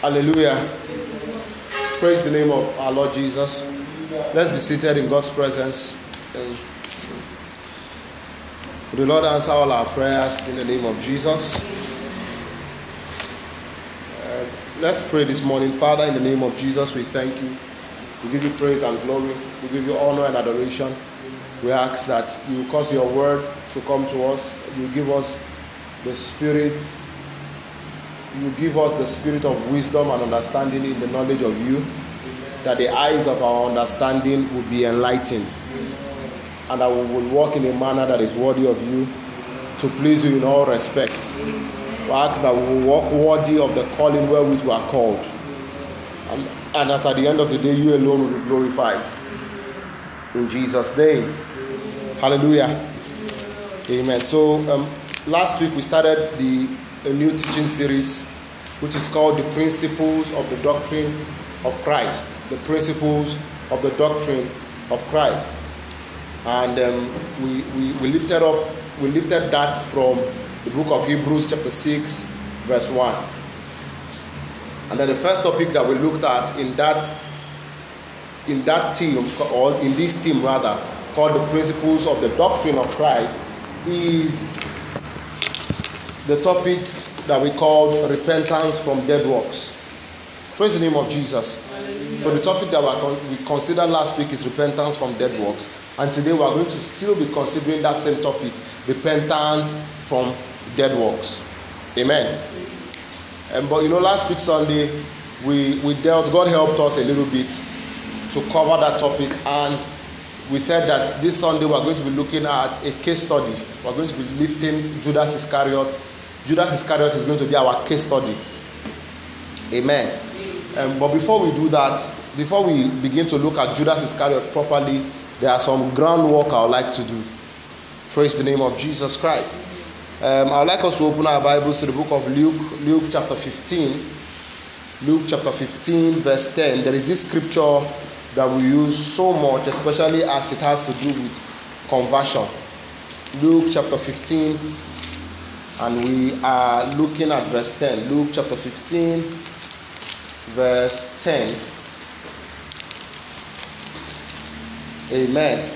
Hallelujah. Praise the name of our Lord Jesus. Let's be seated in God's presence. the Lord answer all our prayers in the name of Jesus. Uh, let's pray this morning. Father, in the name of Jesus, we thank you. We give you praise and glory. We give you honor and adoration. We ask that you cause your word to come to us. You give us the Spirit's you give us the spirit of wisdom and understanding in the knowledge of you, that the eyes of our understanding will be enlightened, and that we will walk in a manner that is worthy of you, to please you in all respect. We ask that we will walk worthy of the calling wherewith we are called, and, and that at the end of the day, you alone will be glorified. In Jesus' name. Hallelujah. Amen. So um, last week we started the a new teaching series which is called The Principles of the Doctrine of Christ. The Principles of the Doctrine of Christ. And um, we, we, we, lifted up, we lifted that from the book of Hebrews, chapter 6, verse 1. And then the first topic that we looked at in that in that team or in this team rather called the principles of the doctrine of Christ is the topic that we called repentance from dead works. Praise the name of Jesus. Hallelujah. So, the topic that we considered last week is repentance from dead works. And today we are going to still be considering that same topic repentance from dead works. Amen. And, but you know, last week Sunday, we, we dealt, God helped us a little bit to cover that topic. And we said that this Sunday we are going to be looking at a case study. We are going to be lifting Judas Iscariot Judas Iscariot is going to be our case study. Amen. Um, but before we do that, before we begin to look at Judas Iscariot properly, there are some groundwork I would like to do. Praise the name of Jesus Christ. Um, I would like us to open our Bibles to the book of Luke, Luke chapter 15. Luke chapter 15, verse 10. There is this scripture that we use so much, especially as it has to do with conversion. Luke chapter 15, and we are looking at verse 10 luke chapter 15 verse 10 amen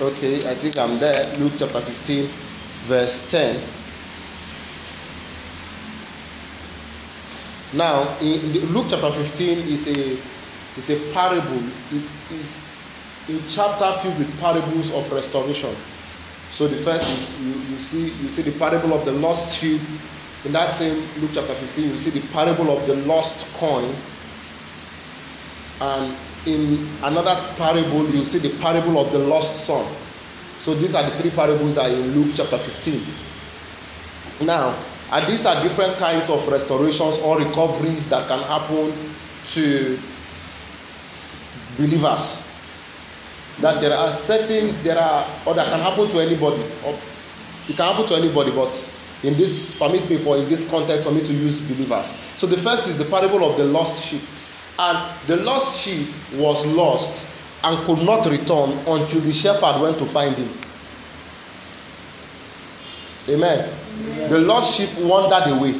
okay i think i'm there luke chapter 15 verse 10 now in luke chapter 15 is a is a parable is is a chapter filled with parables of restoration so the first is you, you see you see the parable of the lost sheep. In that same Luke chapter 15, you see the parable of the lost coin. And in another parable, you see the parable of the lost son. So these are the three parables that are in Luke chapter 15. Now, and these are different kinds of restorations or recoveries that can happen to believers that there are certain there are or that can happen to anybody or it can happen to anybody but in this permit me for in this context for me to use believers so the first is the parable of the lost sheep and the lost sheep was lost and could not return until the shepherd went to find him amen, amen. the lost sheep wandered away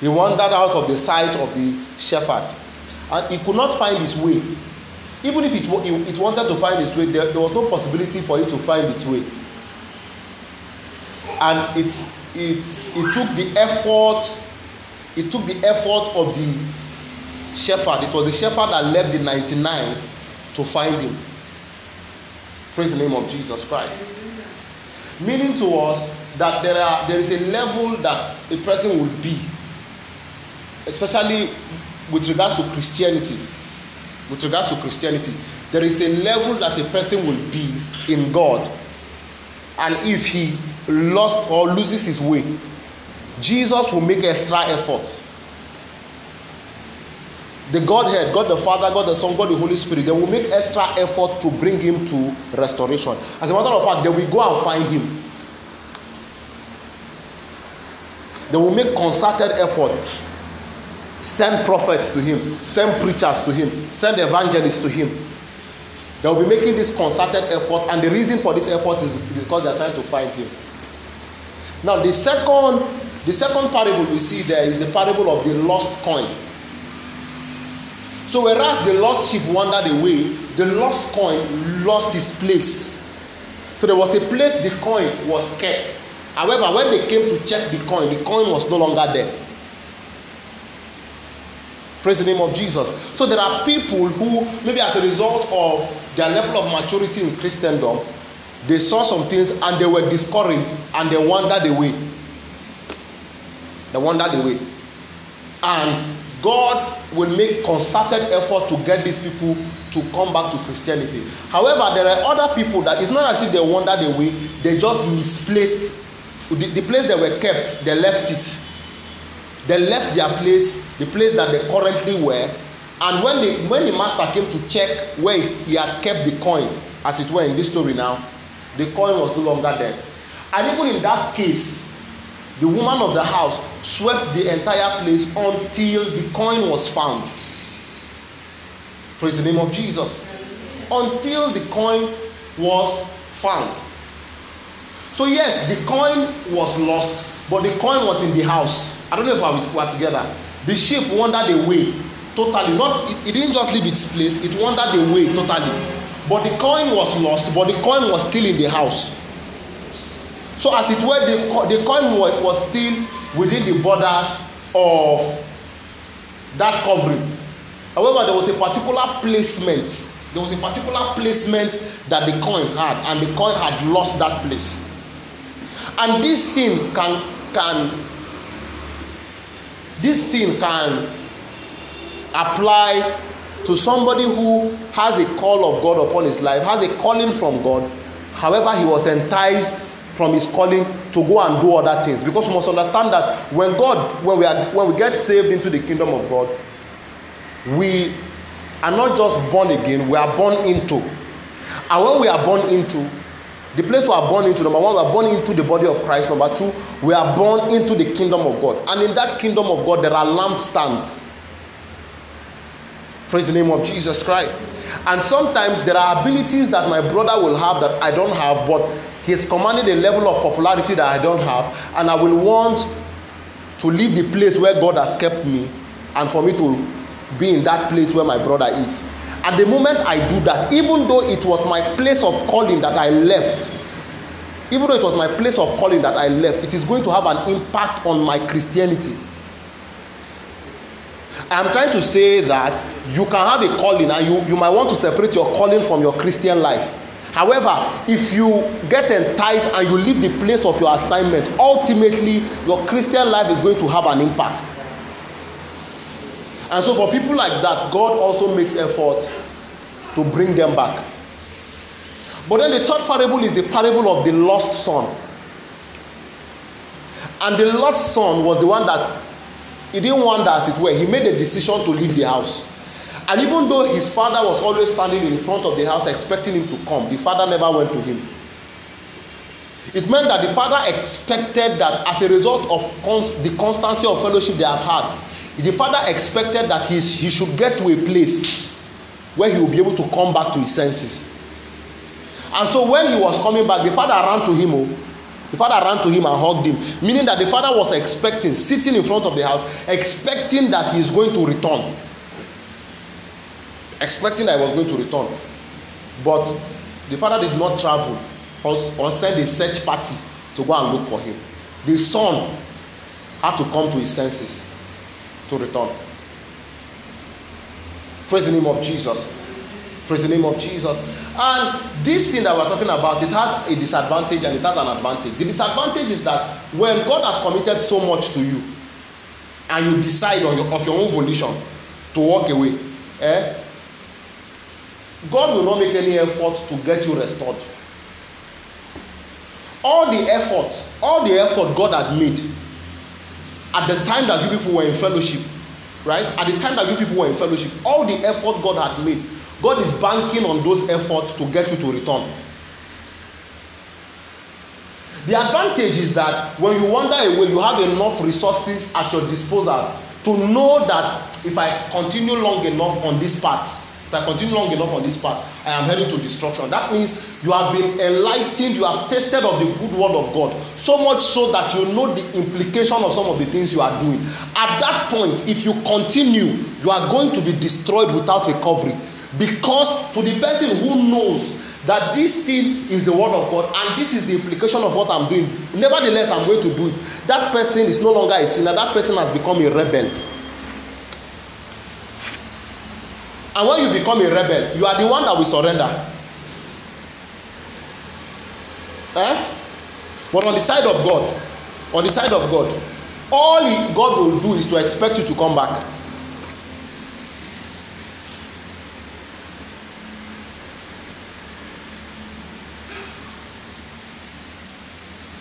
he wandered out of the sight of the shepherd and he could not find his way even if it, it, wanted to find its way there, there was no possibility for it to find its way and it it it took the effort it took the effort of the shepherd it was the shepherd that left the ninety-nine to find him praise the name of jesus christ meaning to us that there are there is a level that a person will be especially with regards to Christianity, with regards to Christianity, there is a level that a person will be in God. And if he lost or loses his way, Jesus will make extra effort. The Godhead, God the Father, God the Son, God the Holy Spirit, they will make extra effort to bring him to restoration. As a matter of fact, they will go and find him. They will make concerted effort Send prophets to him, send preachers to him, send evangelists to him. They will be making this concerted effort, and the reason for this effort is because they are trying to find him. Now, the second, the second parable we see there is the parable of the lost coin. So, whereas the lost sheep wandered away, the lost coin lost its place. So, there was a place the coin was kept. However, when they came to check the coin, the coin was no longer there. Praise the name of Jesus. So there are people who, maybe as a result of their level of maturity in Christendom, they saw some things and they were discouraged and they wandered away. They wandered away. And God will make concerted effort to get these people to come back to Christianity. However, there are other people that it's not as if they wandered away, they just misplaced the, the place they were kept, they left it they left their place, the place that they currently were, and when the when the master came to check where he had kept the coin, as it were in this story now, the coin was no longer there. And even in that case, the woman of the house swept the entire place until the coin was found. Praise the name of Jesus. Until the coin was found. So, yes, the coin was lost, but the coin was in the house. I don't know if we were together. The sheep wandered away totally. Not it, it didn't just leave its place, it wandered away totally. But the coin was lost, but the coin was still in the house. So, as it were, the, the coin was, was still within the borders of that covering. However, there was a particular placement. There was a particular placement that the coin had, and the coin had lost that place. And this thing can can this thing can apply to somebody who has a call of God upon his life, has a calling from God. However, he was enticed from his calling to go and do other things because we must understand that when God, when we are, when we get saved into the kingdom of God, we are not just born again; we are born into. And when we are born into, The place we are born into, number one, we are born into the body of Christ. Number two, we are born into the kingdom of God. And in that kingdom of God, there are lampstands. Praise the name of Jesus Christ. And sometimes there are abilities that my brother will have that I don't have, but he's commanded a level of popularity that I don't have. And I will want to leave the place where God has kept me and for me to be in that place where my brother is. At the moment I do that, even though it was my place of calling that I left, even though it was my place of calling that I left, it is going to have an impact on my Christianity. I'm trying to say that you can have a calling and you, you might want to separate your calling from your Christian life. However, if you get enticed and you leave the place of your assignment, ultimately your Christian life is going to have an impact. And so, for people like that, God also makes effort to bring them back. But then the third parable is the parable of the lost son. And the lost son was the one that he didn't wander as it were. He made a decision to leave the house. And even though his father was always standing in front of the house expecting him to come, the father never went to him. It meant that the father expected that as a result of cons- the constancy of fellowship they have had, the father expected that he, he should get to a place where he will be able to come back to his senses. And so when he was coming back, the father ran to him. Oh. the father ran to him and hugged him, meaning that the father was expecting, sitting in front of the house, expecting that he is going to return. Expecting that he was going to return. But the father did not travel or, or send a search party to go and look for him. The son had to come to his senses to return. Praise the name of Jesus. Praise the name of Jesus. And this thing that we're talking about, it has a disadvantage and it has an advantage. The disadvantage is that when God has committed so much to you, and you decide on your, of your own volition to walk away, eh, God will not make any effort to get you restored. All the effort, all the effort God had made at the time that you people were in fellowship right at the time that you people were in fellowship all the effort god had made god is banking on those efforts to get you to return the advantage is that when you wander away you have enough resources at your disposal to know that if i continue long enough on this path If I continue long enough on this path, I am heading to destruction. That means you have been enlightened, you have tasted of the good word of God, so much so that you know the implication of some of the things you are doing. At that point, if you continue, you are going to be destroyed without recovery. Because to the person who knows that this thing is the word of God and this is the implication of what I'm doing, nevertheless, I'm going to do it, that person is no longer a sinner, that person has become a rebel. and when you become a rebel you are the one that will surrender eh but on the side of god on the side of god all god will do is to expect you to come back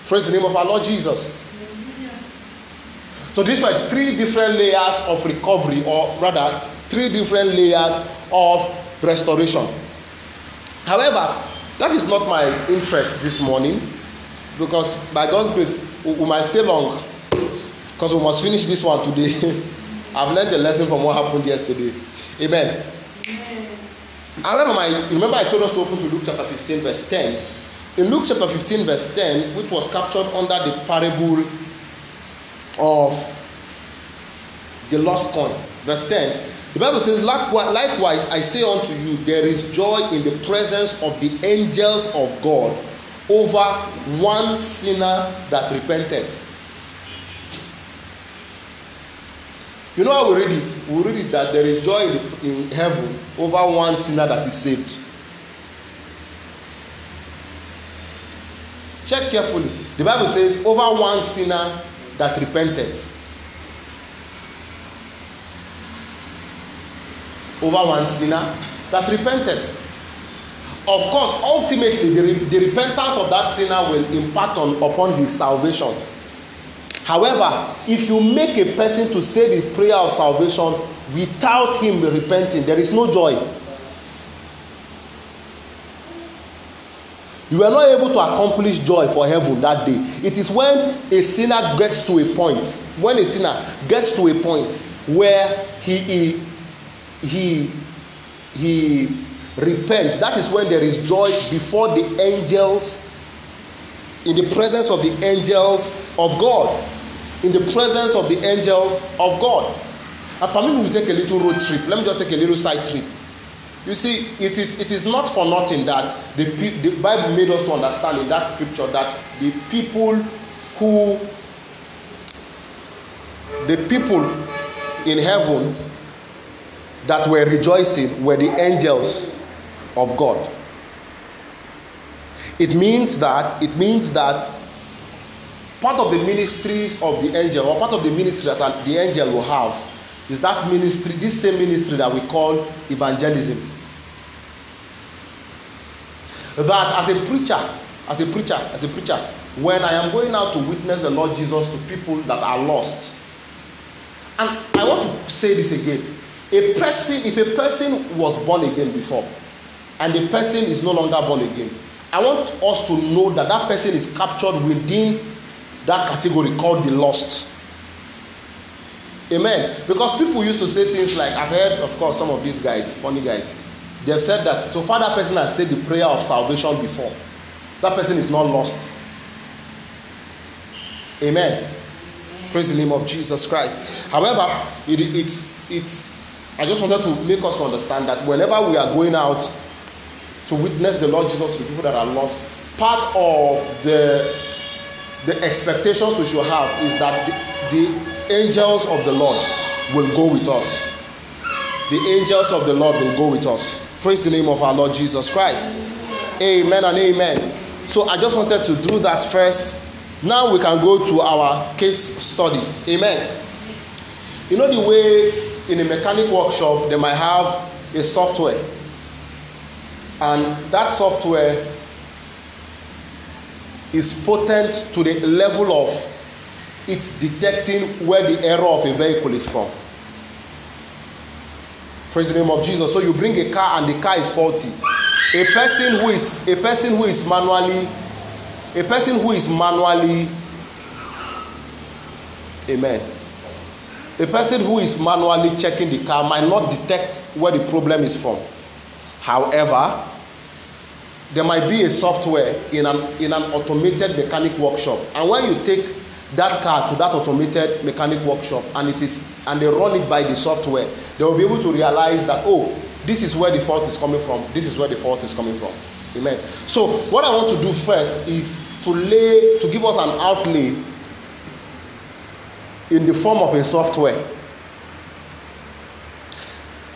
praise the name of our lord jesus So these were three different layers of recovery, or rather, three different layers of restoration. However, that is not my interest this morning because by God's grace, we, we might stay long because we must finish this one today. I've learned a lesson from what happened yesterday. Amen. However, my, remember I told us to open to Luke chapter 15, verse 10. In Luke chapter 15, verse 10, which was captured under the parable of the lost coin. Verse 10. The Bible says, Likewise, I say unto you, there is joy in the presence of the angels of God over one sinner that repented. You know how we read it? We read it that there is joy in, in heaven over one sinner that is saved. Check carefully. The Bible says, over one sinner that repented over one sinner that repented of course ultimately the, the repentance of that sinner will impact on upon his salvation however if you make a person to say the prayer of salvation without him repenting there is no joy You were not able to accomplish joy for heaven that day. It is when a sinner gets to a point, when a sinner gets to a point where he he he, he repents. That is when there is joy before the angels, in the presence of the angels of God. In the presence of the angels of God. And permit me to take a little road trip. Let me just take a little side trip you see, it is, it is not for nothing that the, the Bible made us to understand in that scripture that the people who, the people in heaven that were rejoicing were the angels of God. It means that, it means that part of the ministries of the angel or part of the ministry that the angel will have is that ministry, this same ministry that we call evangelism that as a preacher, as a preacher, as a preacher, when I am going out to witness the Lord Jesus to people that are lost, and I want to say this again. A person, if a person was born again before, and the person is no longer born again, I want us to know that that person is captured within that category called the lost. Amen. Because people used to say things like, I've heard, of course, some of these guys, funny guys, they have said that. So far, that person has said the prayer of salvation before. That person is not lost. Amen. Amen. Praise the name of Jesus Christ. However, it, it's it. I just wanted to make us understand that whenever we are going out to witness the Lord Jesus to people that are lost, part of the the expectations we should have is that the, the angels of the Lord will go with us. The angels of the Lord will go with us. Praise the name of our Lord Jesus Christ. Amen and amen. So I just wanted to do that first. Now we can go to our case study. Amen. You know the way in a mechanic workshop they might have a software, and that software is potent to the level of it detecting where the error of a vehicle is from Praise the name of Jesus. So you bring a car and the car is faulty. A person who is a person who is manually a person who is manually amen. A person who is manually checking the car might not detect where the problem is from. However, there might be a software in an in an automated mechanic workshop and when you take that car to that automated mechanic workshop and it is and they run it by the software they will be able to realize that oh this is where the fault is coming from this is where the fault is coming from amen so what i want to do first is to lay to give us an outlay in the form of a software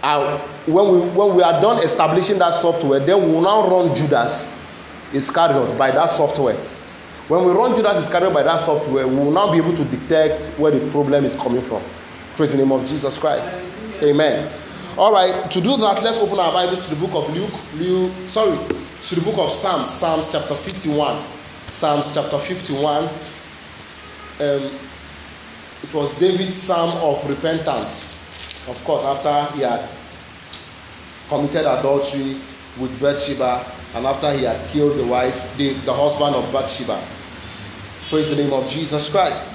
and when we when we are done establishing that software then we will now run judas iscariot by that software when we run through that scenario by that software, we will now be able to detect where the problem is coming from. Praise the name of Jesus Christ. Amen. All right, to do that, let's open our Bibles to the book of Luke, Luke, sorry, to the book of Psalms, Psalms chapter 51. Psalms chapter 51. Um, it was David's psalm of repentance. Of course, after he had committed adultery with Bathsheba and after he had killed the wife, the, the husband of Bathsheba. Praise the name of Jesus Christ.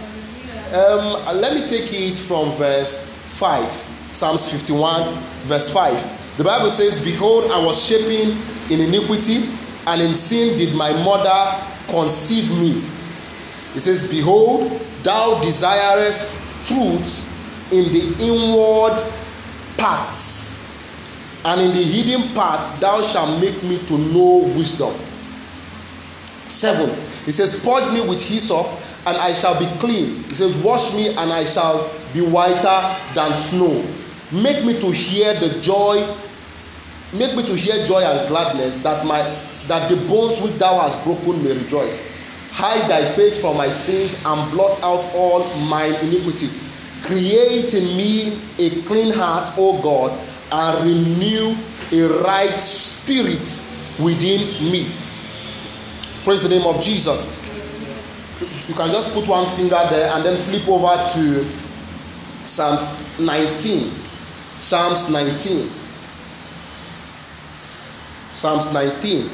Um, let me take it from verse 5, Psalms 51, verse 5. The Bible says, Behold, I was shaping in iniquity, and in sin did my mother conceive me. It says, Behold, thou desirest truth in the inward parts, and in the hidden part thou shalt make me to know wisdom. 7 he says, Purge me with hyssop, and I shall be clean. He says, Wash me, and I shall be whiter than snow. Make me to hear the joy, make me to hear joy and gladness, that my that the bones which thou hast broken may rejoice. Hide thy face from my sins and blot out all my iniquity. Create in me a clean heart, O God, and renew a right spirit within me. Praise the name of Jesus. You can just put one finger there and then flip over to Psalms 19. Psalms 19. Psalms 19,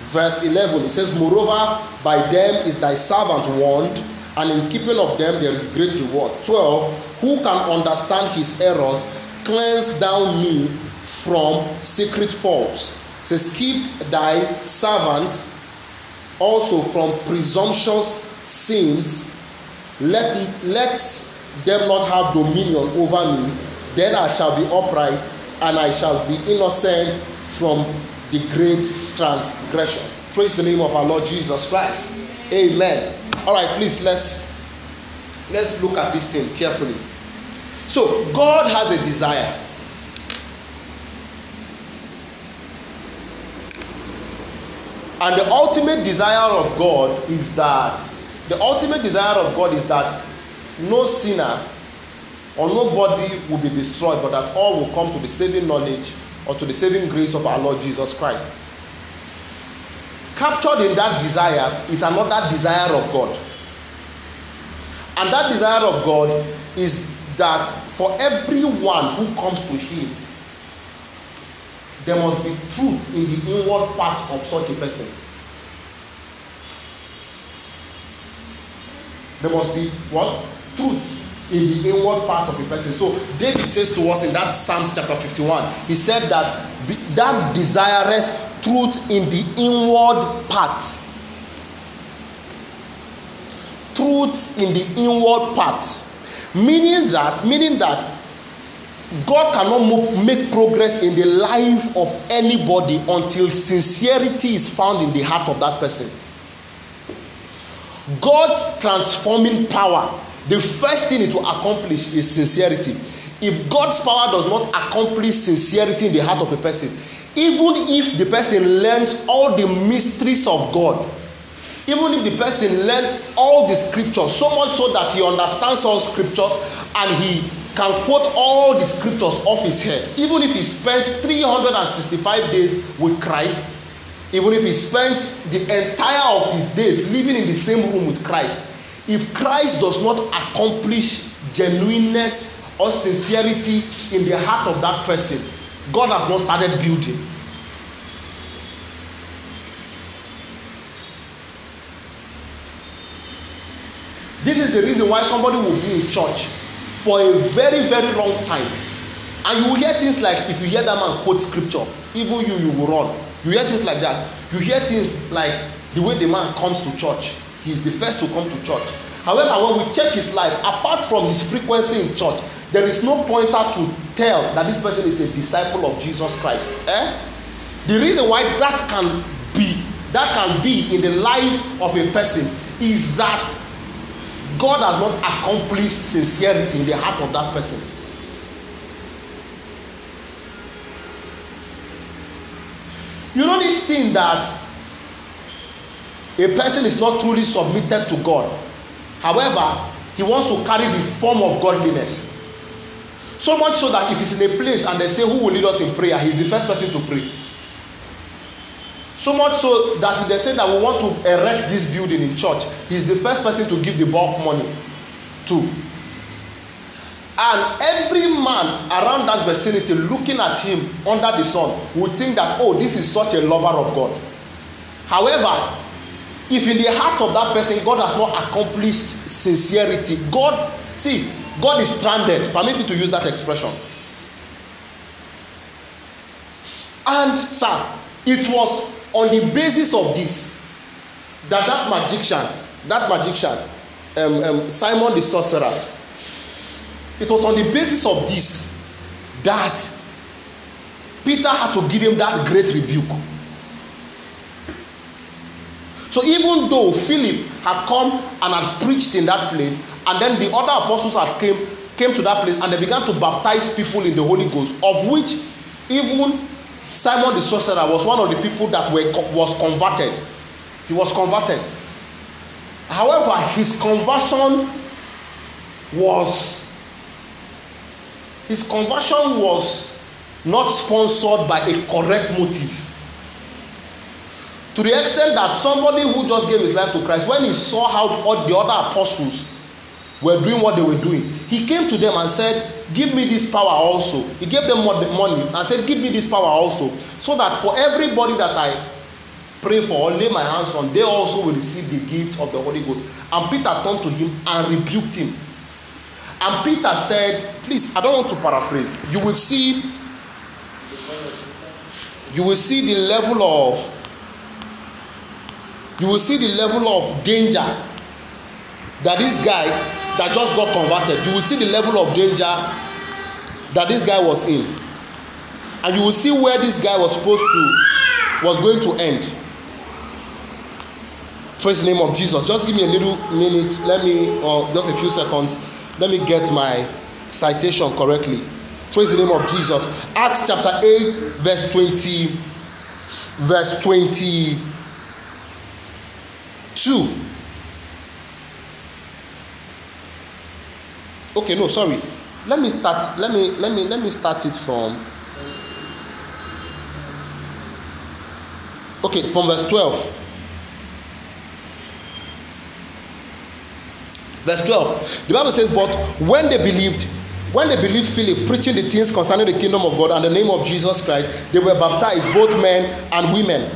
verse 11. It says, Moreover, by them is thy servant warned, and in keeping of them there is great reward. 12. Who can understand his errors? Cleanse thou me from secret faults. It says, Keep thy servant also from presumptuous sins. Let, let them not have dominion over me. Then I shall be upright and I shall be innocent from the great transgression. Praise the name of our Lord Jesus Christ. Amen. All right, please let's let's look at this thing carefully. So God has a desire And the ultimate desire of God is that the ultimate desire of God is that no sinner or nobody will be destroyed, but that all will come to the saving knowledge or to the saving grace of our Lord Jesus Christ. Captured in that desire is another desire of God. And that desire of God is that for everyone who comes to Him, there must be truth in the inward part of such a person there must be what truth in the inward part of a person so david says to us in that psalms chapter fifty-one he said that that desirous truth in the inward part truth in the inward part meaning that meaning that God cannot make progress in the life of anybody until sincerity is found in the heart of that person. God's transforming power, the first thing it will accomplish is sincerity. If God's power does not accomplish sincerity in the heart of a person, even if the person learns all the mysteries of God, even if the person learns all the scriptures so much so that he understands all scriptures and he can quote all the scriptures off his head, even if he spends 365 days with Christ, even if he spends the entire of his days living in the same room with Christ, if Christ does not accomplish genuineness or sincerity in the heart of that person, God has not started building. This is the reason why somebody will be in church for a very very long time and you hear things like if you hear that man quote scripture even you you will run you hear things like that you hear things like the way the man comes to church he is the first to come to church however when we check his life apart from his frequency in church there is no pointer to tell that this person is a disciple of jesus christ eh the reason why that can be that can be in the life of a person is that God has not accomplished sincerity in the heart of that person. You know this thing that a person is not truly submitted to God. However, he wants to carry the form of godliness. So much so that if he's in a place and they say, Who will lead us in prayer? He's the first person to pray. So much so that they say that we want to erect this building in church. He's the first person to give the bulk money to. And every man around that vicinity looking at him under the sun would think that, oh, this is such a lover of God. However, if in the heart of that person God has not accomplished sincerity, God, see, God is stranded. Permit me to use that expression. And, sir, it was on the basis of this that that magician that magician um, um, simon the sorcerer it was on the basis of this that peter had to give him that great rebuke so even though philip had come and had preached in that place and then the other apostles had came came to that place and they began to baptize people in the holy ghost of which even Simon the sorcerer was one of the people that were, was converted. He was converted. However, his conversion was his conversion was not sponsored by a correct motive. To the extent that somebody who just gave his life to Christ, when he saw how all the other apostles were doing what they were doing, he came to them and said, give me this power also he gave them money and said give me this power also so that for everybody that i pray for or lay my hands on they also will receive the gift of the holy ghost and peter turned to him and rebuked him and peter said please i don't want to paraphrase you will see you will see the level of you will see the level of danger that this guy that just got converted you will see the level of danger that this guy was in and you will see where this guy was supposed to was going to end praise the name of jesus just give me a little minute let me or just a few seconds let me get my citation correctly praise the name of jesus acts chapter 8 verse 20 verse 22 okay no sorry let me start let me let me let me start it from okay from verse twelve. verse twelve. the bible says but when they believed when they believed philip preaching the things concerning the kingdom of god and the name of jesus christ they were baptized both men and women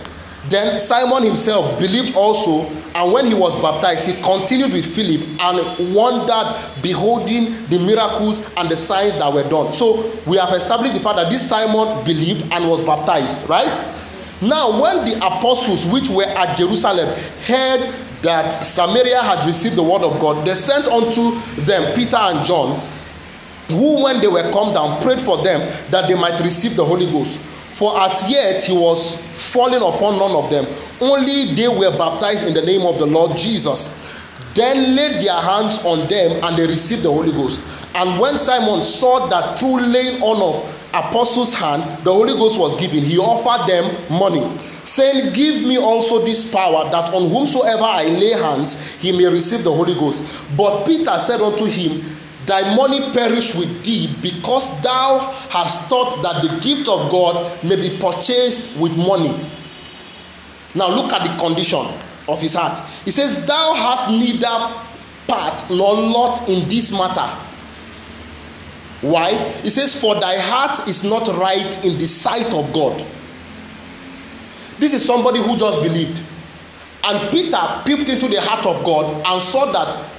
Then Simon himself believed also, and when he was baptized, he continued with Philip and wondered, beholding the miracles and the signs that were done. So we have established the fact that this Simon believed and was baptized, right? Now, when the apostles which were at Jerusalem heard that Samaria had received the word of God, they sent unto them Peter and John, who, when they were come down, prayed for them that they might receive the Holy Ghost. For as yet he was falling upon none of them, only they were baptized in the name of the Lord Jesus. Then laid their hands on them and they received the Holy Ghost. And when Simon saw that through laying on of apostles' hand, the Holy Ghost was given. He offered them money, saying, Give me also this power, that on whomsoever I lay hands, he may receive the Holy Ghost. But Peter said unto him, thy money perish with thee because thou hast thought that the gift of God may be purchased with money. Now look at the condition of his heart. He says, Thou hast neither part nor lot in this matter. Why? He says, For thy heart is not right in the sight of God. This is somebody who just believed. And Peter peeped into the heart of God and saw that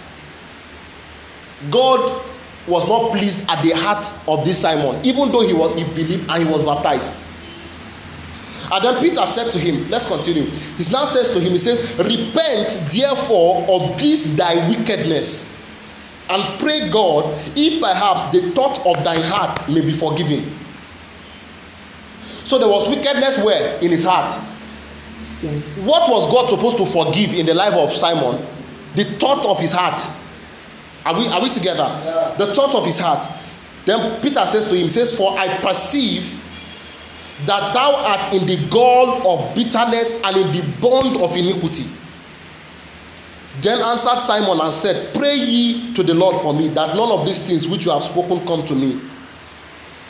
God was not pleased at the heart of this Simon, even though he, was, he believed and he was baptized. And then Peter said to him, Let's continue. He now says to him, He says, Repent therefore of this thy wickedness, and pray God if perhaps the thought of thine heart may be forgiven. So there was wickedness where? In his heart. What was God supposed to forgive in the life of Simon? The thought of his heart are we, are we together? The thought of his heart. Then Peter says to him, says, For I perceive that thou art in the gall of bitterness and in the bond of iniquity. Then answered Simon and said, Pray ye to the Lord for me, that none of these things which you have spoken come to me.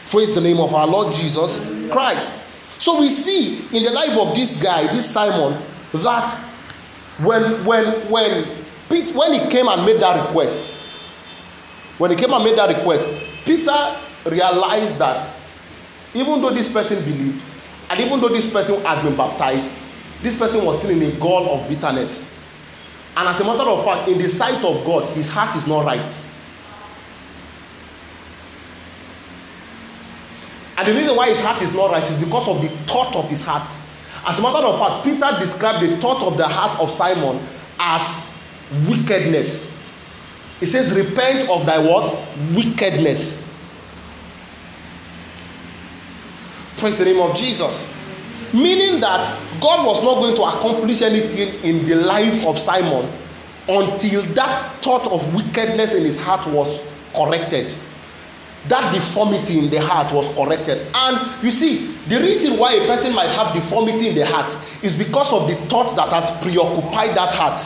Praise the name of our Lord Jesus Christ. So we see in the life of this guy, this Simon, that when when when when he came and made that request, When he came and made that request, Peter realized that even though this person believed, and even though this person had been baptized, this person was still in a gall of bitterness. And as a matter of fact, in the sight of God, his heart is not right. And the reason why his heart is not right is because of the thought of his heart. As a matter of fact, Peter described the thought of the heart of Simon as wickedness. He says, Repent of thy what? Wickedness. Praise the name of Jesus. Meaning that God was not going to accomplish anything in the life of Simon until that thought of wickedness in his heart was corrected. That deformity in the heart was corrected. And you see, the reason why a person might have deformity in the heart is because of the thoughts that has preoccupied that heart.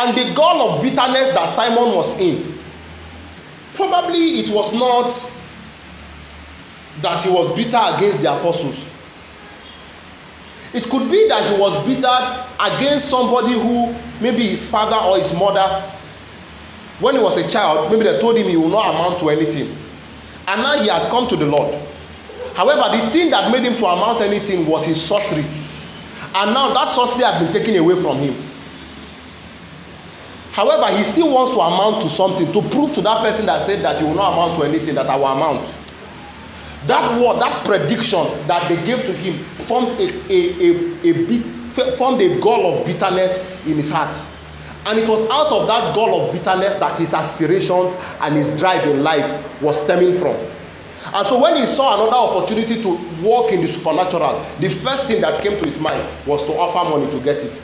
and the gall of bitterness that Simon was in. Probably it was not that he was bitter against the apostles. It could be that he was bitter against somebody who, maybe his father or his mother, when he was a child, maybe they told him he will not amount to anything. And now he has come to the Lord. However, the thing that made him to amount anything was his sorcery. And now that sorcery has been taken away from him however he still wants to amount to something to prove to that person that said that you will not amount to anything that i will amount that word that prediction that they gave to him formed a a a a bit formed a gall of bitterness in his heart and it was out of that gall of bitterness that his aspirations and his drive in life was stemming from and so when he saw another opportunity to work in the supernatural the first thing that came to his mind was to offer money to get it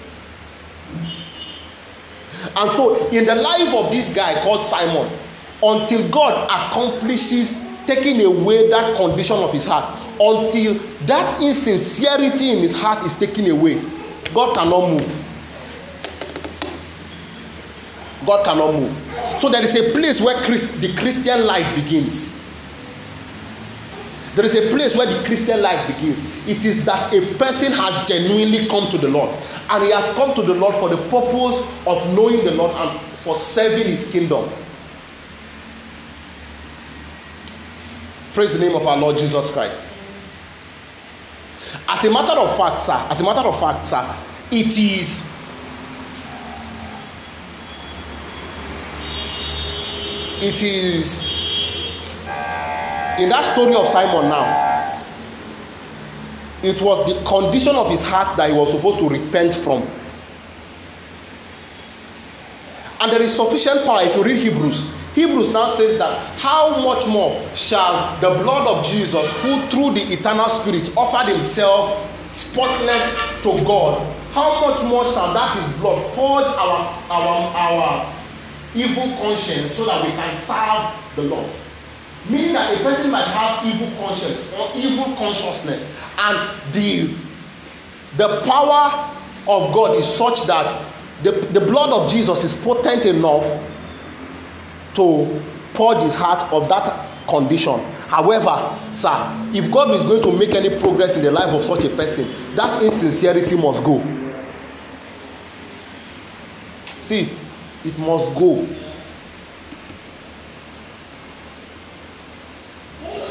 And so, in the life of this guy called Simon, until God accomplishes taking away that condition of his heart, until that insincerity in his heart is taken away, God cannot move. God cannot move. So there is a place where Christ, the Christian life begins. There is a place where the Christian life begins. It is that a person has genuinely come to the Lord. And he has come to the Lord for the purpose of knowing the Lord and for serving his kingdom. Praise the name of our Lord Jesus Christ. As a matter of fact, sir, as a matter of fact, sir, it is it is in that story of Simon now, it was the condition of his heart that he was supposed to repent from. And there is sufficient power if you read Hebrews. Hebrews now says that how much more shall the blood of Jesus, who through the eternal Spirit offered himself spotless to God, how much more shall that his blood purge our, our, our evil conscience so that we can serve the Lord? meaning that a person might have evil conscience or evil consciousness and the the power of god is such that the, the blood of jesus is potent enough to purge his heart of that condition however sir if god is going to make any progress in the life of such a person that insincerity must go see it must go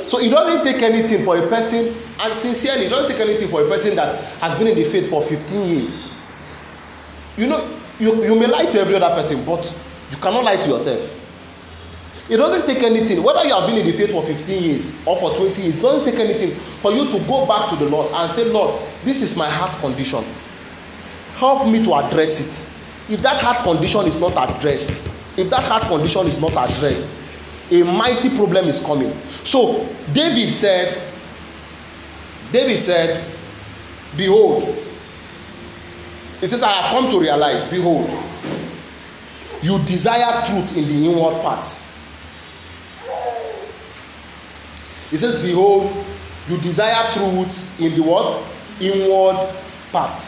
So it doesn't take anything for a person, and sincerely, it doesn't take anything for a person that has been in the faith for 15 years. You know, you, you may lie to every other person, but you cannot lie to yourself. It doesn't take anything, whether you have been in the faith for 15 years or for 20 years, it doesn't take anything for you to go back to the Lord and say, Lord, this is my heart condition. Help me to address it. If that heart condition is not addressed, if that heart condition is not addressed, a mighty problem is coming so david said david said behold he says i have come to realize behold you desire truth in the inward part he says behold you desire truth in the what inward part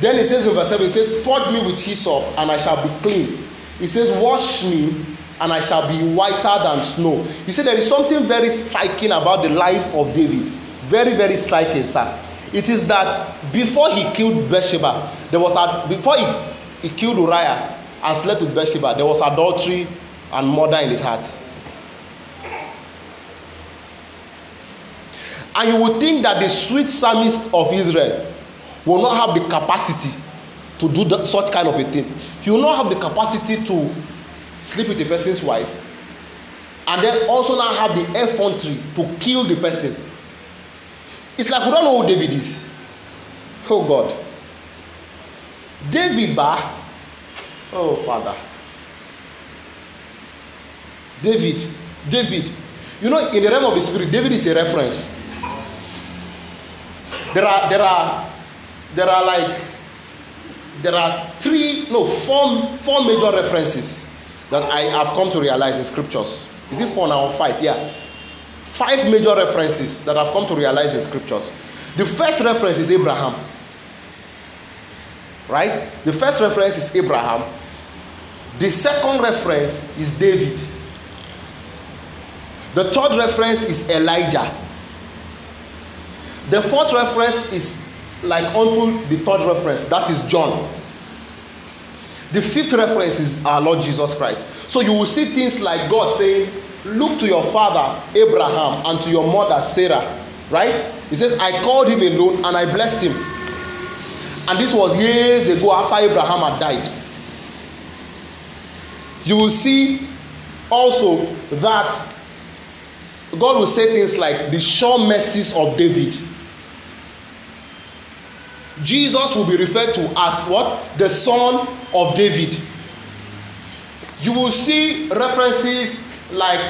then he says in verse seven he says purge me with hyssop and i shall be clean He says, Wash me, and I shall be whiter than snow. You see, there is something very striking about the life of David. Very, very striking, sir. It is that before he killed Bathsheba, there was a, before he, he killed Uriah and slept with Bathsheba, there was adultery and murder in his heart. And you would think that the sweet psalmist of Israel will not have the capacity to do that, such kind of a thing you will have the capacity to sleep with a person's wife and then also now have the effrontery to kill the person it's like we don't know who david is oh god david ba oh father david david you know in the realm of the spirit david is a reference there are there are there are like there are three, no, four, four major references that I have come to realize in scriptures. Is it four now or five? Yeah. Five major references that I've come to realize in scriptures. The first reference is Abraham. Right? The first reference is Abraham. The second reference is David. The third reference is Elijah. The fourth reference is like unto the third reference, that is John. The fifth reference is our Lord Jesus Christ. So you will see things like God saying, Look to your father Abraham and to your mother Sarah, right? He says, I called him alone and I blessed him. And this was years ago after Abraham had died. You will see also that God will say things like the sure mercies of David Jesus will be referred to as what? The son of David. You will see references like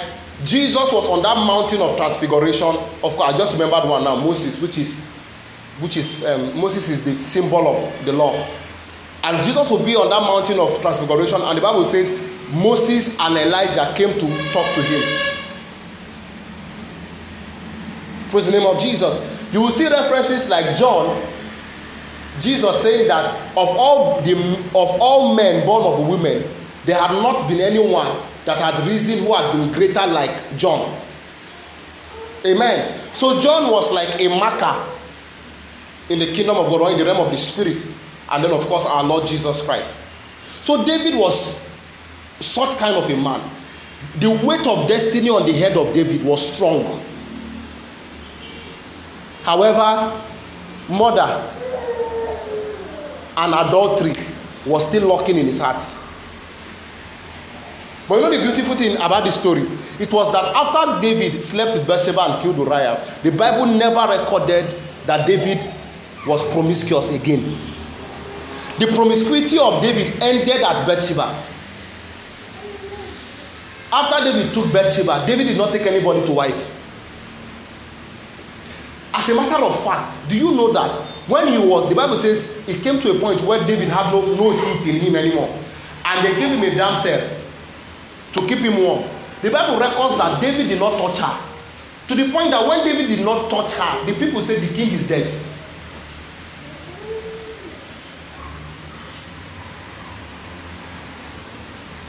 Jesus was on that mountain of transfiguration. Of course, I just remembered one now, Moses, which is which is um, Moses is the symbol of the law. And Jesus will be on that mountain of transfiguration, and the Bible says Moses and Elijah came to talk to him. Praise the name of Jesus. You will see references like John Jesus saying that of all the of all men born of women, there had not been anyone that had risen who had been greater like John. Amen. So John was like a marker in the kingdom of God or in the realm of the spirit, and then of course our Lord Jesus Christ. So David was such kind of a man. The weight of destiny on the head of David was strong. However, mother and adultery was still lurking in his heart. But you know the beautiful thing about this story? It was that after David slept with Bathsheba and killed Uriah, the Bible never recorded that David was promiscuous again. The promiscuity of David ended at Bathsheba. After David took Bathsheba, David did not take anybody to wife. As a matter of fact, do you know that When he was, the Bible says, it came to a point where David had no, no heat in him anymore. And they gave him a damn cell to keep him warm. The Bible records that David did not touch her. To the point that when David did not touch her, the people said the king is dead.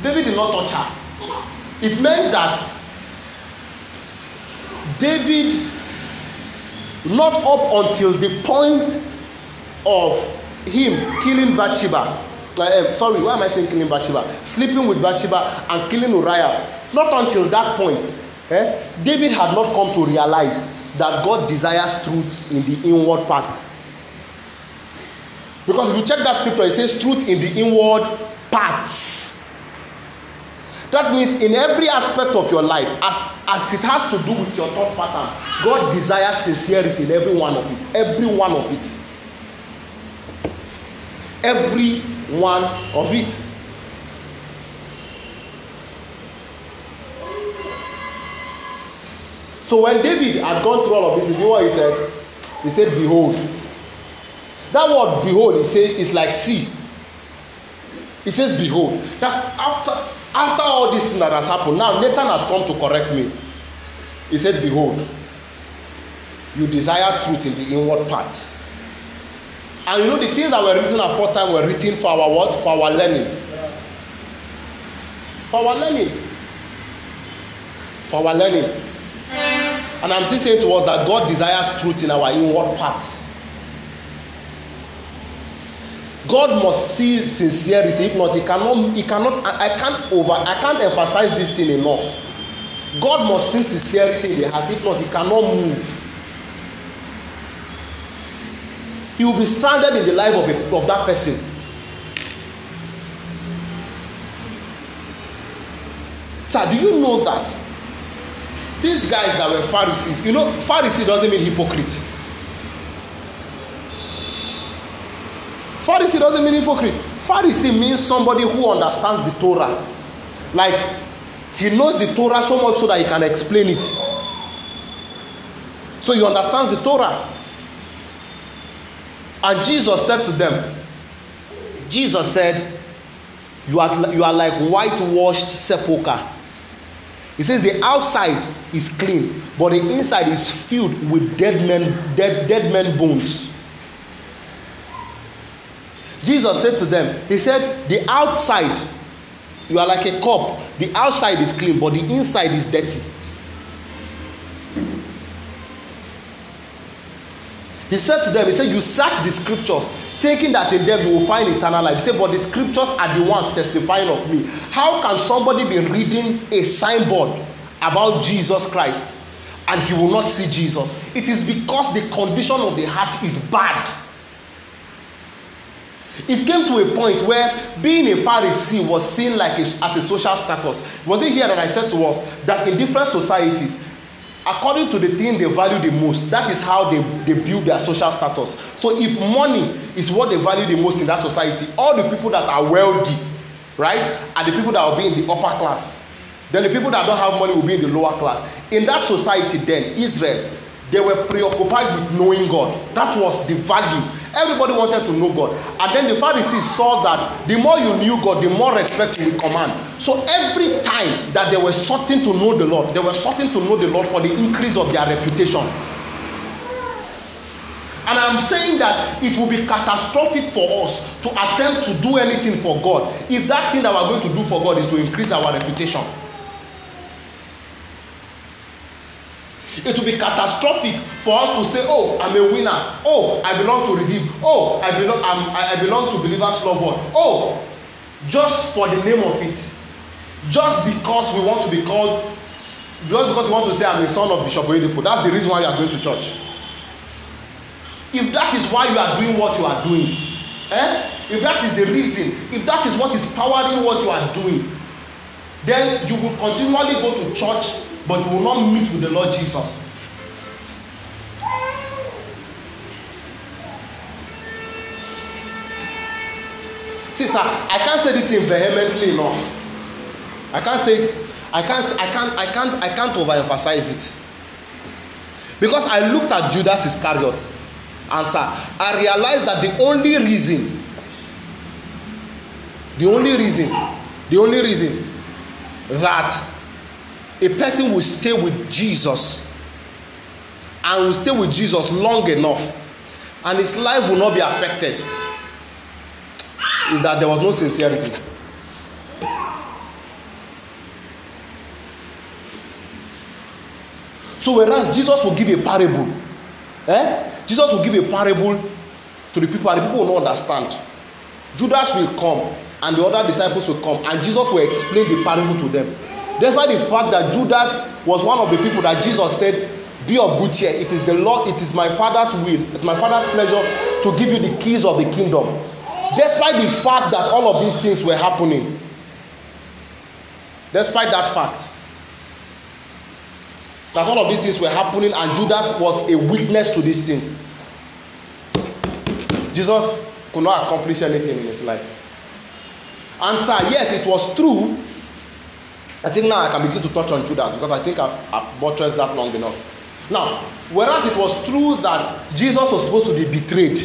David did not touch her. It meant that David, not up until the point of him killing Bathsheba. Uh, sorry, why am I saying killing Bathsheba? Sleeping with Bathsheba and killing Uriah. Not until that point, eh, David had not come to realize that God desires truth in the inward part. Because if you check that scripture, it says truth in the inward parts. That means in every aspect of your life, as, as it has to do with your thought pattern, God desires sincerity in every one of it. Every one of it every one of it. So when David had gone through all of this, you know what he said? He said, Behold. That word behold, he said, is like see. He says, Behold. That's after after all this thing that has happened. Now Nathan has come to correct me. He said, Behold, you desire truth in the inward parts." And you know the things that were written aforetime were written for our what? For our learning. For our learning. For our learning. And I'm still saying to us that God desires truth in our inward parts. God must see sincerity. If not, he cannot, he cannot, I, I can't over, I can't emphasize this thing enough. God must see sincerity in the heart. If not, he cannot move. you will be stranded in the life of, a, of that person sir do you know that these guys that were pharisees you know pharisee doesn't mean hypocrite pharisee doesn't mean hypocrite pharisee means somebody who understands the torah like he knows the torah so much so that he can explain it so he understands the torah And Jesus said to them, Jesus said, You are, you are like whitewashed sepulchres. He says, The outside is clean, but the inside is filled with dead men, dead, dead men bones. Jesus said to them, He said, The outside, you are like a cup. The outside is clean, but the inside is dirty. He said to them, He said, You search the scriptures, thinking that in them you will find eternal life. He said, But the scriptures are the ones testifying of me. How can somebody be reading a signboard about Jesus Christ and he will not see Jesus? It is because the condition of the heart is bad. It came to a point where being a Pharisee was seen like a, as a social status. Was it here that I said to us that in different societies, according to the thing they value the most that is how they they build their social status so if money is what they value the most in that society all the people that are wealthy right are the people that will be in the upper class then the people that don't have money will be in the lower class in that society then israel they were preoccupied with knowing God. That was the value. Everybody wanted to know God. And then the Pharisees saw that the more you knew God, the more respect you command. So every time that they were starting to know the Lord, they were starting to know the Lord for the increase of their reputation. And I'm saying that it will be catastrophic for us to attempt to do anything for God if that thing that we're going to do for God is to increase our reputation. It will be catastrophic for us to say, oh, I'm a winner. Oh, I belong to Redeem. Oh, I belong, I'm, I belong to Believer's Love Word. Oh, just for the name of it. Just because we want to be called, just because we want to say, I'm a son of Bishop Oedipo. That's the reason why you are going to church. If that is why you are doing what you are doing, eh? if that is the reason, if that is what is powering what you are doing, then you will continually go to church but you will not meet with the Lord Jesus. See, sir, I can't say this thing vehemently enough. I can't say it. I can't. I can't. I can't. I can't overemphasize it. Because I looked at Judas Iscariot answer. I realized that the only reason, the only reason, the only reason that a person will stay with Jesus and will stay with Jesus long enough and his life will not be affected is that there was no sincerity. So, whereas Jesus will give a parable, eh? Jesus will give a parable to the people, and the people will not understand. Judas will come, and the other disciples will come, and Jesus will explain the parable to them Despite the fact that Judas was one of the people that Jesus said, Be of good cheer. It is the Lord, it is my Father's will, it's my Father's pleasure to give you the keys of the kingdom. Despite the fact that all of these things were happening, despite that fact, that all of these things were happening and Judas was a witness to these things. Jesus could not accomplish anything in his life. Answer Yes, it was true I think now I can begin to touch on Judas because I think I've, I've buttressed that long enough. Now, whereas it was true that Jesus was supposed to be betrayed,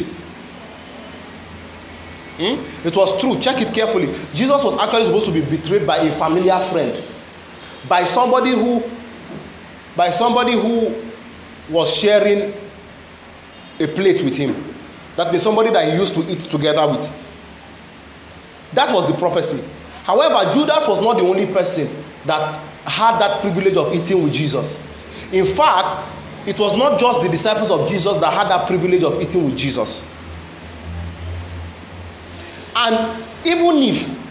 hmm? it was true. Check it carefully. Jesus was actually supposed to be betrayed by a familiar friend, by somebody who, by somebody who was sharing a plate with him. That means somebody that he used to eat together with. That was the prophecy. However, Judas was not the only person that had that privilege of eating with Jesus. In fact, it was not just the disciples of Jesus that had that privilege of eating with Jesus. And even if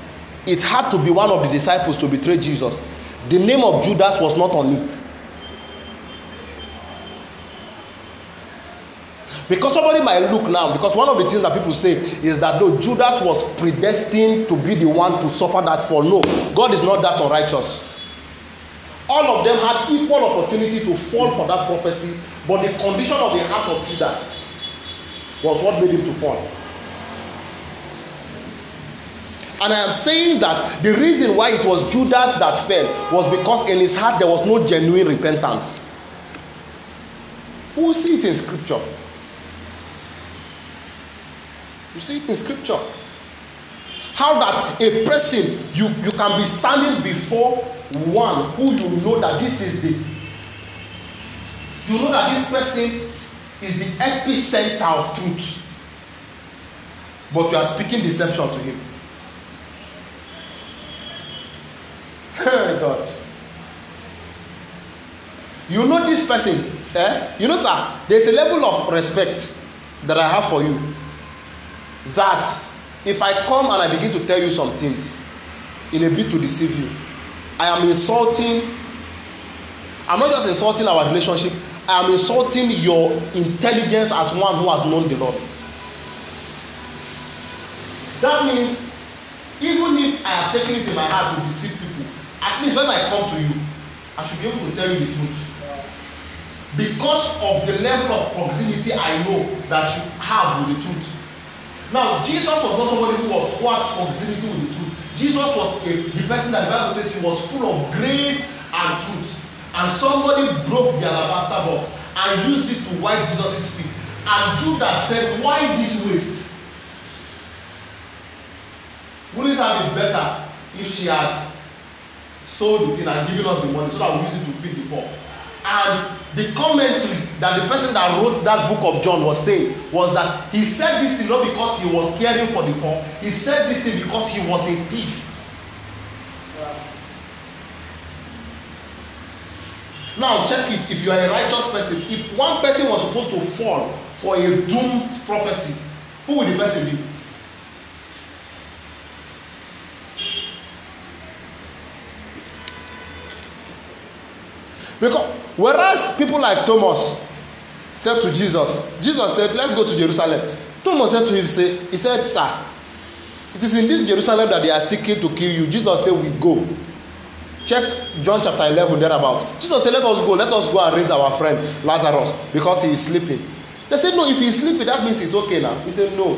it had to be one of the disciples to betray Jesus, the name of Judas was not on it. Because somebody might look now, because one of the things that people say is that no, Judas was predestined to be the one to suffer that fall. No, God is not that unrighteous. All of them had equal opportunity to fall for that prophecy, but the condition of the heart of Judas was what made him to fall. And I am saying that the reason why it was Judas that fell was because in his heart there was no genuine repentance. We will see it in scripture. You see it in scripture. How that a person, you, you can be standing before one who you know that this is the, you know that this person is the epicenter of truth. But you are speaking deception to him. God. You know this person, eh? You know, sir, there's a level of respect that I have for you that if I come and I begin to tell you some things in a bid to deceive you, I am insulting. I'm not just insulting our relationship, I am insulting your intelligence as one who has known the Lord. That means even if I have taken it in my heart to deceive people, at least when I come to you, I should be able to tell you the truth. Because of the level of proximity I know that you have with the truth now jesus was not somebody who was quite proximity with the truth jesus was a the person that the bible says he was full of grace and truth and somebody broke the alabaster box and used it to wipe jesus' feet and judas said why this waste wouldn't have been better if she had sold the thing and given us the money so that we use it to feed the poor and the commentary that the person that wrote that book of john was saying was that he said this thing not because he was caring for the poor he said this thing because he was a thief now check it if you are a righteous person if one person was supposed to fall for a doomed prophecy who would the person be because Whereas people like Thomas said to Jesus, Jesus said, Let's go to Jerusalem. Thomas said to him, say, He said, Sir, it is in this Jerusalem that they are seeking to kill you. Jesus said, We go. Check John chapter 11 thereabout. Jesus said, Let us go. Let us go and raise our friend Lazarus because he is sleeping. They said, No, if he is sleeping, that means he's okay now. He said, No.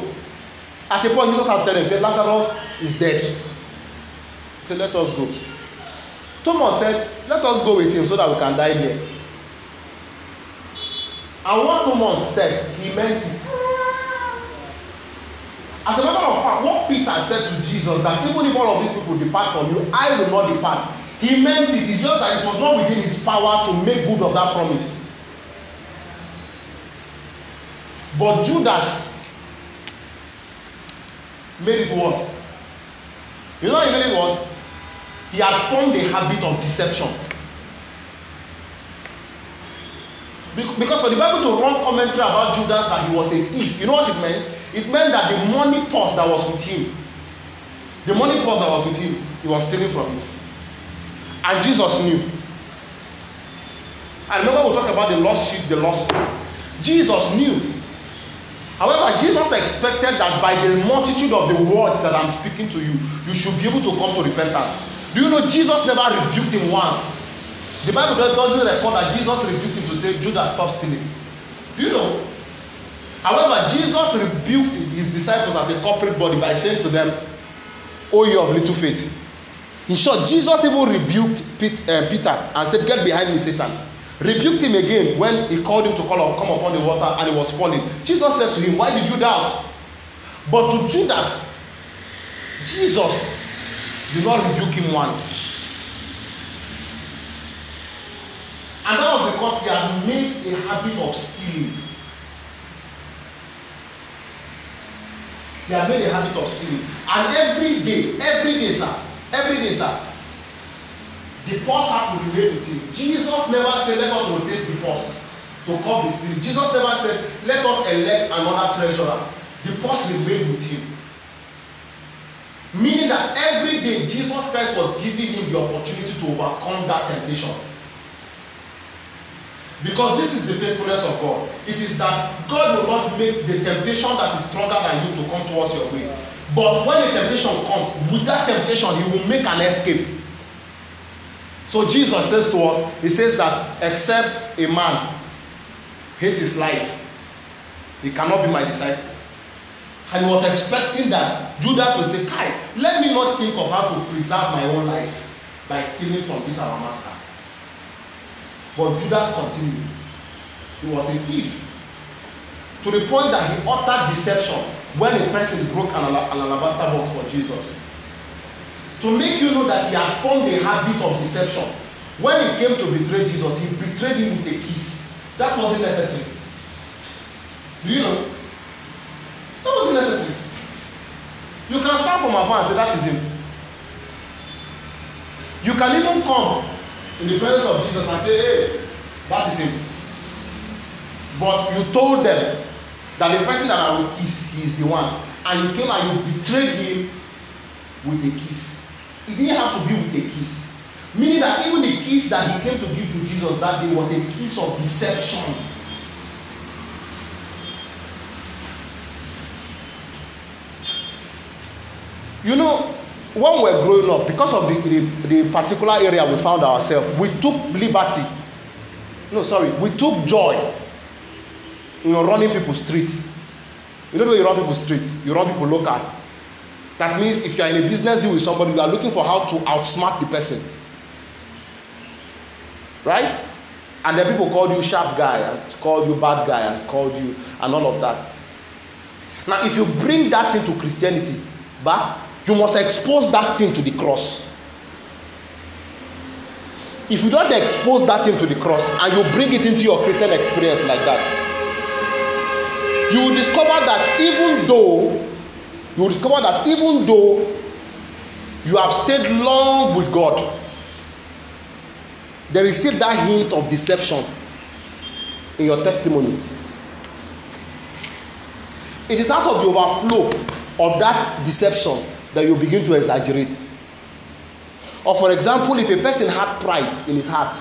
At the point, Jesus had told him, He said, Lazarus is dead. He said, Let us go. Thomas said, let us go with him so that we can die here and one woman said he meant it as a matter of fact what peter said to jesus that even if all of these people depart from you i will not depart he meant it it's just that it was not within his power to make good of that promise but judas made it worse you know what he made it worse he had formed a habit of deception because for the bible to run commentary about judas that he was a thief you know what it meant it meant that the money purse that was with him the money purse that was with him he was stealing from it and jesus knew And remember we talk about the lost sheep the lost sheep jesus knew however jesus expected that by the multitude of the words that i'm speaking to you you should be able to come to repentance Do you know Jesus never rebuked him once? The Bible doesn't record that Jesus rebuked him to say, Judas, stop stealing. Do you know? However, Jesus rebuked his disciples as a corporate body by saying to them, O oh, you of little faith. In short, Jesus even rebuked Pete, uh, Peter and said, Get behind me, Satan. Rebuked him again when he called him to call up, come upon the water and he was falling. Jesus said to him, Why did you doubt? But to Judas, Jesus do not rebuke him once. And that was because he had made a habit of stealing. He had made a habit of stealing. And every day, every day, sir, every day, sir, the boss had to relate with him. Jesus never said, let us rotate the boss to come his stealing. Jesus never said, let us elect another treasurer. The boss remained with him meaning that every day jesus christ was giving him the opportunity to overcome that temptation because this is the faithfulness of god it is that god will not make the temptation that is stronger than you to come towards your way but when the temptation comes with that temptation he will make an escape so jesus says to us he says that except a man hate his life he cannot be my disciple and was expecting that judas would say kai let me not think of how to preserve my own life by stealing from this our master but judas continued he was a thief to the point that he uttered deception when the person broke an, an alabaster box for jesus to make you know that he had formed a habit of deception when he came to betray jesus he betrayed him with a kiss that wasnt necessary do you know That was necessary. You can stand from afar and say, That is him. You can even come in the presence of Jesus and say, Hey, that is him. But you told them that the person that I will kiss, he is the one. And you came and you betrayed him with a kiss. It didn't have to be with a kiss. Meaning that even the kiss that he came to give to Jesus that day was a kiss of deception. You know, when we're growing up, because of the, the, the particular area we found ourselves, we took liberty. No, sorry, we took joy in running people streets. You know the way you run people streets, you run people local. That means if you are in a business deal with somebody, you are looking for how to outsmart the person. Right? And then people called you sharp guy, and called you bad guy, and called you, and all of that. Now, if you bring that into Christianity, back you must expose that thing to the cross if you don't expose that thing to the cross and you bring it into your christian experience like that you will discover that even though you will discover that even though you have stayed long with god there is still that hint of deception in your testimony it is out of the overflow of that deception that you begin to exaggerate. Or, for example, if a person had pride in his heart,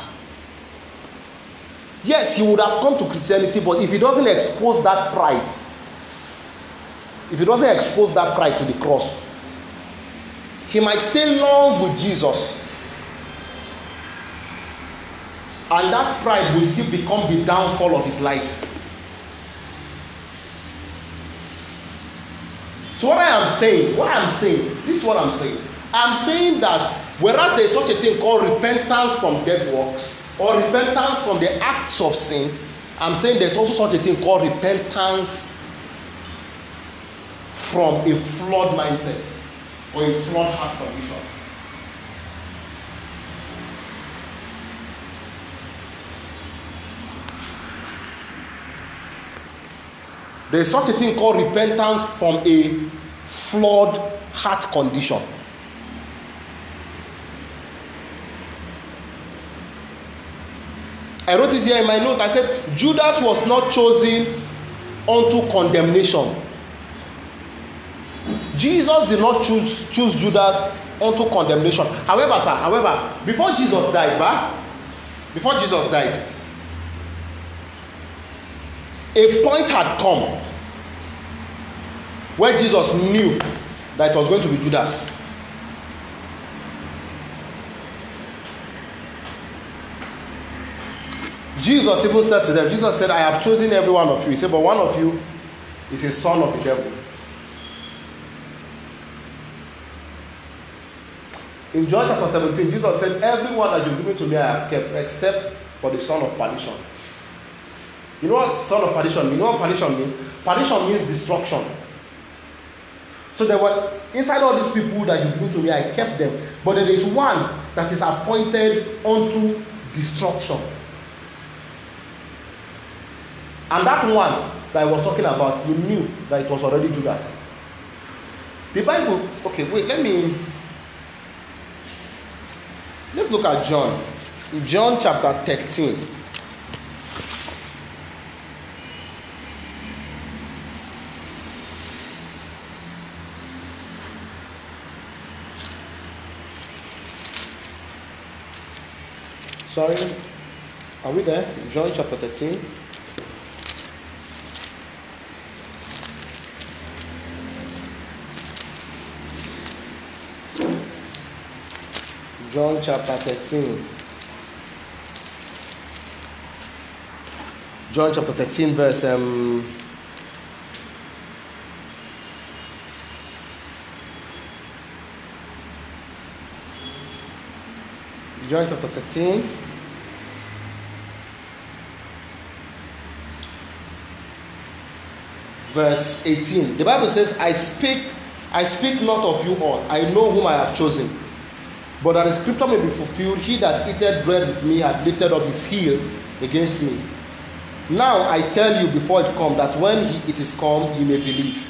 yes, he would have come to Christianity, but if he doesn't expose that pride, if he doesn't expose that pride to the cross, he might stay long with Jesus. And that pride will still become the downfall of his life. So what I am saying, what I'm saying, this is what I'm saying. I'm saying that whereas there is such a thing called repentance from dead works or repentance from the acts of sin, I'm saying there's also such a thing called repentance from a flawed mindset or a flawed heart condition. There is such a thing called repentance from a flawed heart condition. I wrote this here in my note. I said, Judas was not chosen unto condemnation. Jesus did not choose, choose Judas unto condemnation. However, sir, however, before Jesus died, bah, before Jesus died, a point had come where Jesus knew that it was going to be Judas. Jesus even said to them, Jesus said, I have chosen every one of you. He said, But one of you is a son of the devil. In John chapter 17, Jesus said, Everyone that you've given to me, I have kept, except for the son of perdition. You know what son of perdition means? You know what perdition means? Perdition means destruction. So there were inside all these people that you blew to me, I kept them. But there is one that is appointed unto destruction. And that one that I was talking about, you knew that it was already Judas. The Bible, okay, wait, let me let's look at John. John chapter 13. Sorry, are we there? John chapter 13. John chapter 13. John chapter 13, verse um, John chapter 13. verse 18. The Bible says, I speak, I speak not of you all. I know whom I have chosen. But that the scripture may be fulfilled, he that eateth bread with me hath lifted up his heel against me. Now I tell you before it come, that when he, it is come, you may believe.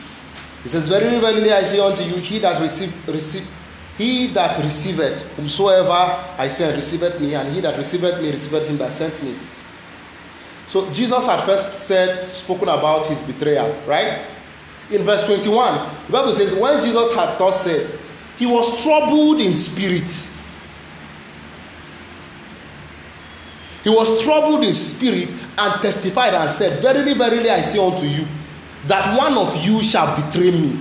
He says, "Very verily, I say unto you, he that receive, receive, he that receiveth whomsoever I send receiveth me, and he that receiveth me receiveth him that sent me. So Jesus had first said, spoken about his betrayal, right? In verse 21, the Bible says, When Jesus had thus said, he was troubled in spirit. He was troubled in spirit and testified and said, Verily, verily, I say unto you, that one of you shall betray me.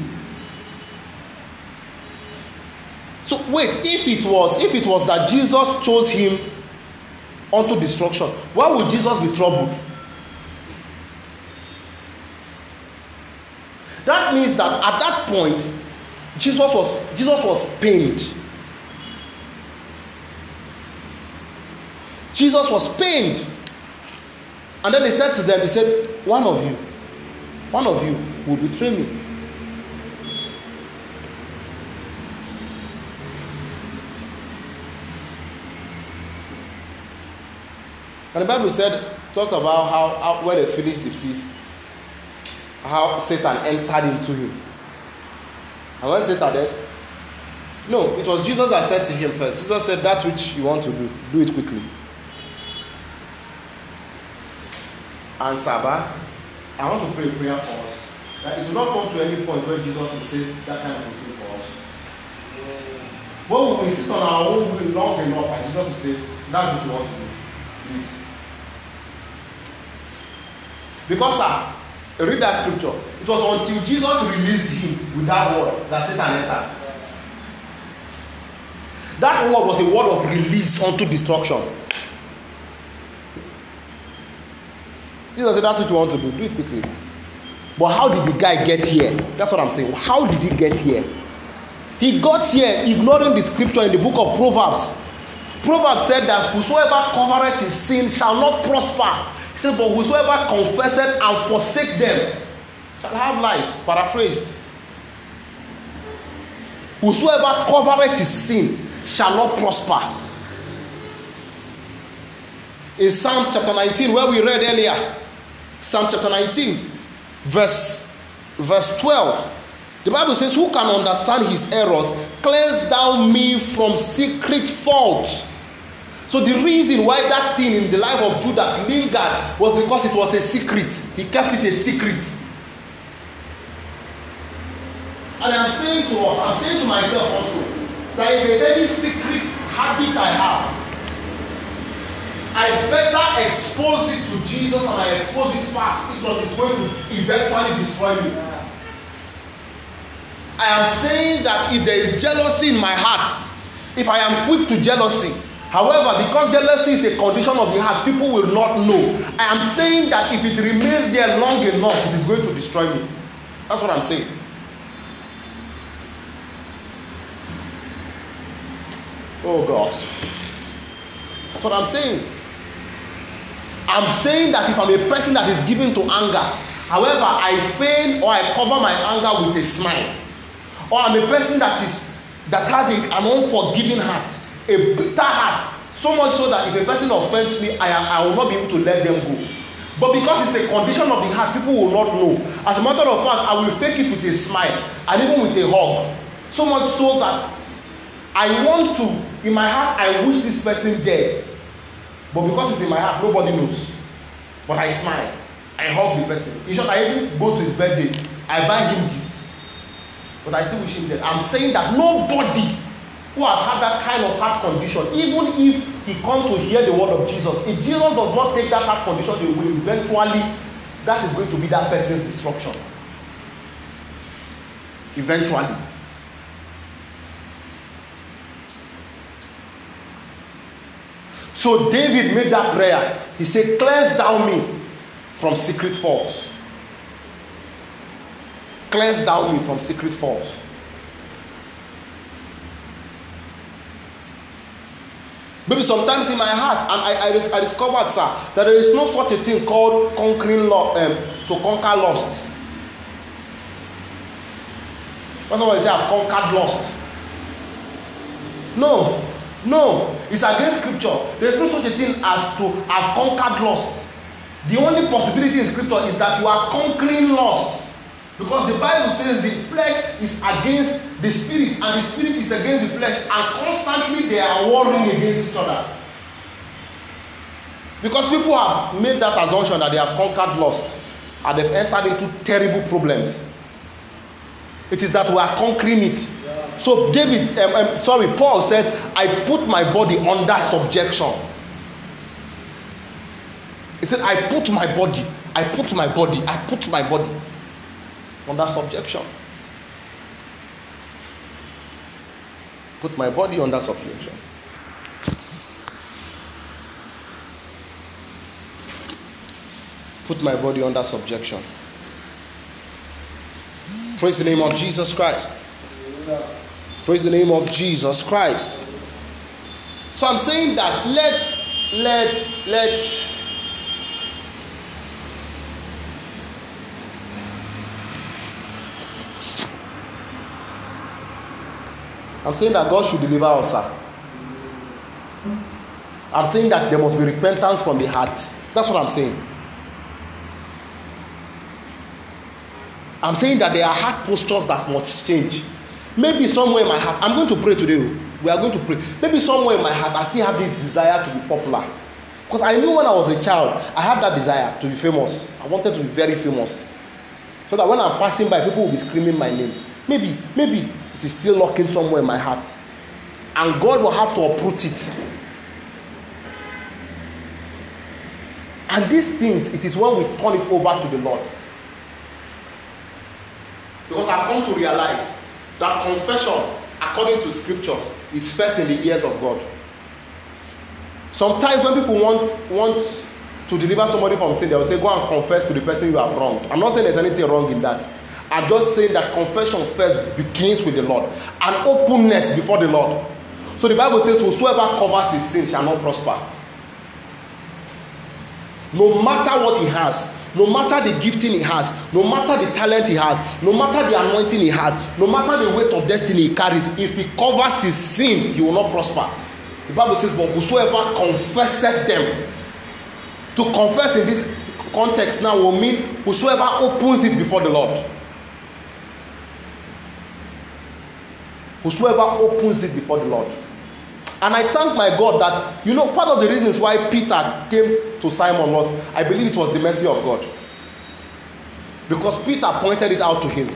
So wait, if it was, if it was that Jesus chose him unto destruction why would jesus be troubled that means that at that point jesus was jesus was pained jesus was pained and then he said to them he said one of you one of you will betray me And the Bible said, talked about how, how when they finished the feast, how Satan entered into him. And when Satan did, no, it was Jesus that said to him first. Jesus said, That which you want to do, do it quickly. And Saba, I want to pray a prayer for us. That it will not come to any point where Jesus will say that kind of thing for us. But we will insist on our own will long enough, and Jesus will say, That's what you want to do. Do Because sir, ah, read that scripture. It was until Jesus released him with that word that Satan entered. That word was a word of release unto destruction. Jesus said, That's what you want to do. Do it quickly. But how did the guy get here? That's what I'm saying. How did he get here? He got here ignoring the scripture in the book of Proverbs. Proverbs said that whosoever covereth his sin shall not prosper, says, But whosoever confesseth and forsake them shall have life. Paraphrased. Whosoever covereth his sin shall not prosper. In Psalms chapter 19, where we read earlier, Psalms chapter 19, verse, verse 12. The Bible says, Who can understand his errors? Cleanse thou me from secret faults So the reason why that thing in the life of Judas lingered was because it was a secret. He kept it a secret. And I'm saying to us, I'm saying to myself also, that if there's any secret habit I have, I better expose it to Jesus and I expose it fast, because not, it's going to eventually destroy me. I am saying that if there is jealousy in my heart, if I am quick to jealousy, However, because jealousy is a condition of the heart, people will not know. I am saying that if it remains there long enough, it is going to destroy me. That's what I'm saying. Oh God. That's what I'm saying. I'm saying that if I'm a person that is given to anger, however, I feign or I cover my anger with a smile, or I'm a person that is that has a, an unforgiving heart, a bitter heart so much so that if a person offends me i i will not be able to let them go but because it's a condition of the heart people will not know as a matter of fact i will fake it with a smile and even with a hug so much so that i want to in my heart i wish this person dead but because it's in my heart nobody knows but i smile i hug the person in short i even go to his birthday i buy him gift but i still wish him dead i'm saying that nobody who has had that kind of heart condition, even if he comes to hear the word of Jesus, if Jesus does not take that heart condition away, eventually that is going to be that person's destruction. Eventually. So David made that prayer. He said, Cleanse thou me from secret faults. Cleanse thou me from secret faults. Maybe sometimes in my heart, and I, I, I discovered, sir, that there is no such a thing called conquering love, um, to conquer lust. That's why I say Have conquered lost? No, no, it's against scripture. There is no such a thing as to have conquered lost. The only possibility in scripture is that you are conquering lost. Because the Bible says the flesh is against the spirit, and the spirit is against the flesh, and constantly they are warring against each other. Because people have made that assumption that they have conquered lust and they've entered into terrible problems. It is that we are conquering it. Yeah. So, David, um, um, sorry, Paul said, I put my body under subjection. He said, I put my body, I put my body, I put my body. from that subjection. Put my body under subjection. Put my body under subjection. Praise the name of Jesus Christ. Praise the name of Jesus Christ. So I'm saying that let, let, let, I'm saying that God should deliver us, sir. I'm saying that there must be repentance from the heart. That's what I'm saying. I'm saying that there are heart postures that must change. Maybe somewhere in my heart, I'm going to pray today. Oh. We are going to pray. Maybe somewhere in my heart, I still have this desire to be popular. Because I knew when I was a child, I had that desire to be famous. I wanted to be very famous. So that when I'm passing by, people will be screaming my name. Maybe, maybe it is still locking somewhere in my heart and god will have to uproot it and these things it is when we turn it over to the lord because i come to realize that confession according to scriptures is first in the ears of god sometimes when people want want to deliver somebody from sin they will say go and confess to the person you have wronged i'm not saying there's anything wrong in that I'm just saying that confession first begins with the Lord and openness before the Lord. So the Bible says, Whosoever covers his sin shall not prosper. No matter what he has, no matter the gifting he has, no matter the talent he has, no matter the anointing he has, no matter the weight of destiny he carries, if he covers his sin, he will not prosper. The Bible says, But whosoever confesseth them, to confess in this context now will mean whosoever opens it before the Lord. whosoever opens it before the Lord. And I thank my God that, you know, part of the reasons why Peter came to Simon was, I believe it was the mercy of God. Because Peter pointed it out to him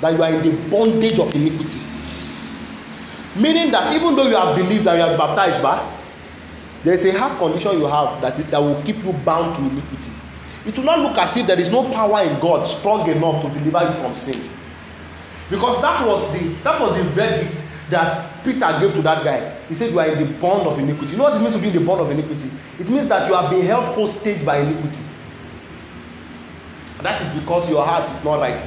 that you are in the bondage of iniquity. Meaning that even though you have believed and you have baptized, but there is a half condition you have that, it, that will keep you bound to iniquity. It will not look as if there is no power in God strong enough to deliver you from sin because that was the that was the verdict that Peter gave to that guy he said you are in the bond of iniquity you know what it means to be in the bond of iniquity it means that you have been held hostage by iniquity and that is because your heart is not right